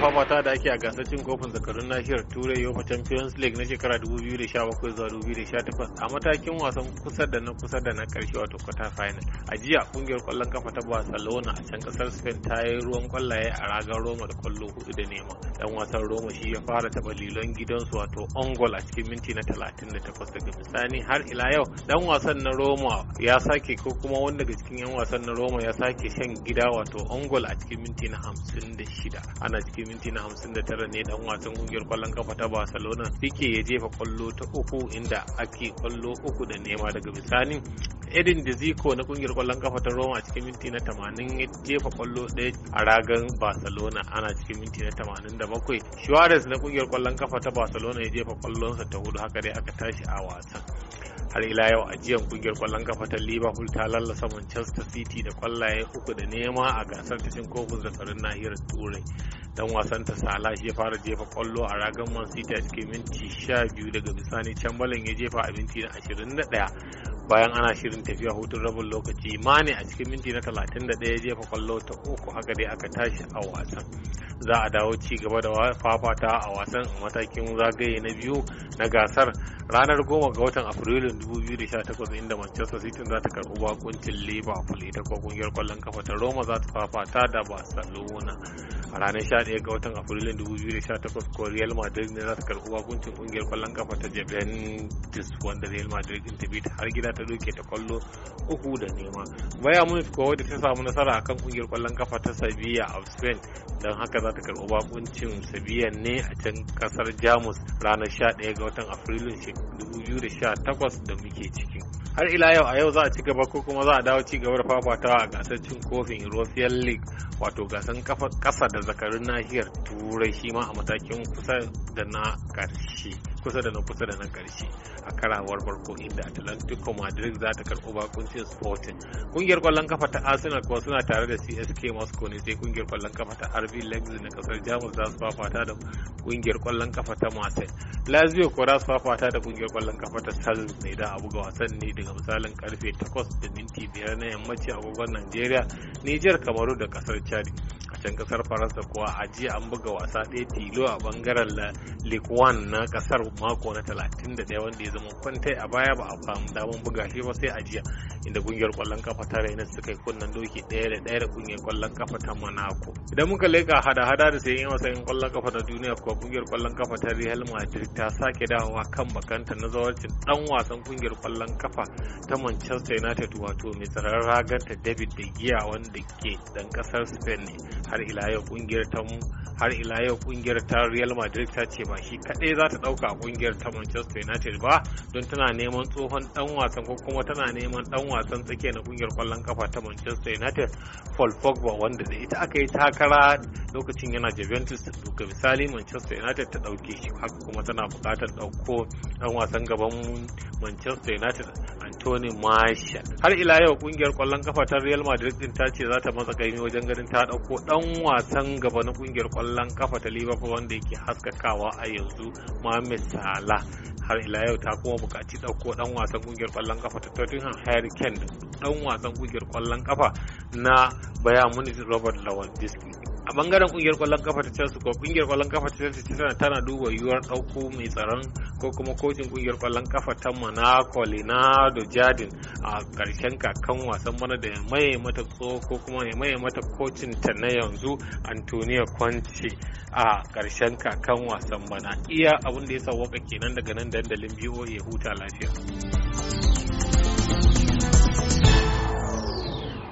fafata da ake a gasar cin kofin zakarun nahiyar turai yofa champions league na shekara 2017 zuwa 2018 a matakin wasan kusa da na kusa da na karshe wato kwata final a jiya kungiyar kwallon kafa ta barcelona a can kasar spain ta yi ruwan kwallaye a ragar roma da kwallo hudu da nema dan wasan roma shi ya fara taba lilon gidansu wato ongol a cikin minti na 38 daga bisani har ila yau dan wasan na roma ya sake ko kuma wani daga cikin yan wasan na roma ya sake shan gida wato ongol a cikin minti na 56 ana cikin minti na hamsin da tara ne dan wasan kungiyar kwallon kafa ta barcelona pique ya jefa kwallo ta uku inda ake kwallo uku da nema daga bisani edin da ziko na kungiyar kwallon kafa ta roma a cikin minti na tamanin ya jefa kwallo ɗaya a ragan barcelona ana cikin minti na tamanin da bakwai suarez na kungiyar kwallon kafa ta barcelona ya jefa kwallonsa ta hudu haka dai aka tashi a wasan har ila yau ajiyar kungiyar kwallon kafa ta liverpool ta lallasa manchester city da kwallaye uku da nema a gasar ta cin kofin zakarin nahiyar turai dan wasan ta Salah ya fara jefa kwallo a ragan Man City a cikin minti 12 daga bisani Chamberlain ya jefa a minti na 21 bayan ana shirin tafiya hutun rabin lokaci Mane a cikin minti na 31 ya jefa kwallo ta uku haka dai aka tashi a wasan za a dawo ci gaba da fafata a wasan matakin zagaye na biyu na gasar ranar goma ga watan afrilun 2018 inda manchester city za ta karɓi bakuncin liverpool ita ko kungiyar kwallon kafa ta roma za ta fafata da barcelona a ranar 11 ga watan afrilun 2018 ko real madrid ne za ta karɓi hukuncin kungiyar kwallon kafa ta juventus wanda real madrid ta bi ta har gida ta doke ta kwallo uku da nema bayan munich kuwa wadda ta samu nasara akan kungiyar kwallon kafa ta sevilla a spain don haka za ta karɓi bakuncin sevilla ne a can kasar jamus ranar 11 ga watan afrilun 2018 da muke cikin. har ila yau a yau za a ci gaba ko kuma za a dawo ci gaba da fafatawa a gasar cin kofin european league wato gasar kasa da zakarun nahiyar turai shi ma a matakin kusan. da na karshe kusa da na kusa da na ƙarshe a karawar farko inda atlantico madrid za ta karɓi bakuncin sporting kungiyar kwallon kafa ta arsenal kuwa suna tare da csk moscow ne sai kungiyar kwallon kafa ta rb legs na kasar jamus za su fafata da kungiyar kwallon kafa ta marseille lazio kuwa za su fafata da kungiyar kwallon kafa ta salzburg mai da abu ga wasan ne daga misalin karfe 8 da minti biyar na yammaci a agogon nigeria niger kamaru da kasar chad a can kasar faransa kuwa a jiya an buga wasa ɗaya tilo a bangaren league one na kasar mako na 31 wanda ya zama kwantai a baya ba a samu damar buga shi ba sai a jiya inda kungiyar kwallon kafa ta raina suka yi kunnan doki ɗaya da ɗaya da kungiyar kwallon kafa ta monaco idan muka leka hada-hada da sayan wasan kwallon kafa ta duniya kuwa kungiyar kwallon kafa ta real madrid ta sake dawowa kan bakanta na zawarcin dan wasan kungiyar kwallon kafa ta manchester united wato mai tsararra ganta ta david de gea wanda ke dan kasar spain ne har ila yau kungiyar ta mu har ila yau kungiyar ta Real Madrid ta ce ba shi kadai za ta dauka kungiyar ta Manchester United ba don tana neman tsohon dan wasan ko kuma tana neman dan wasan tsakiya na kungiyar kwallon kafa ta Manchester United Paul Pogba wanda da ita aka yi takara lokacin yana Juventus duka misali Manchester United ta dauke shi haka kuma tana bukatar dauko dan wasan gaban Manchester United Tony Marshall. Har ila yau kungiyar kwallon kafa ta Real Madrid din ta ce za ta matsa kaimi wajen ganin ta dauko dan wasan gaba na kungiyar kwallon kafa ta Liverpool wanda yake haskakawa a yanzu Mohamed Salah. har ila yau ta kuma bukaci dauko dan wasan ƙungiyar ƙwallon kafa ta Tottenham Harry Kane dan wasan kungiyar kwallon kafa na Bayern Munich Robert Lewandowski a bangaren kungiyar kwallon kafa ta Chelsea ko kungiyar kwallon kafa ta Chelsea tana tana duba yiwuwar dauko mai tsaron ko kuma kocin kungiyar kwallon kafa ta Monaco Leonardo Jardin a karshen kakan wasan bana da mai mata tso ko kuma mai mata kocin ta na yanzu Antonio Conte a karshen kakan wasan bana iya abin da ya sa waka kenan daga nan dandalin ya huta lafiya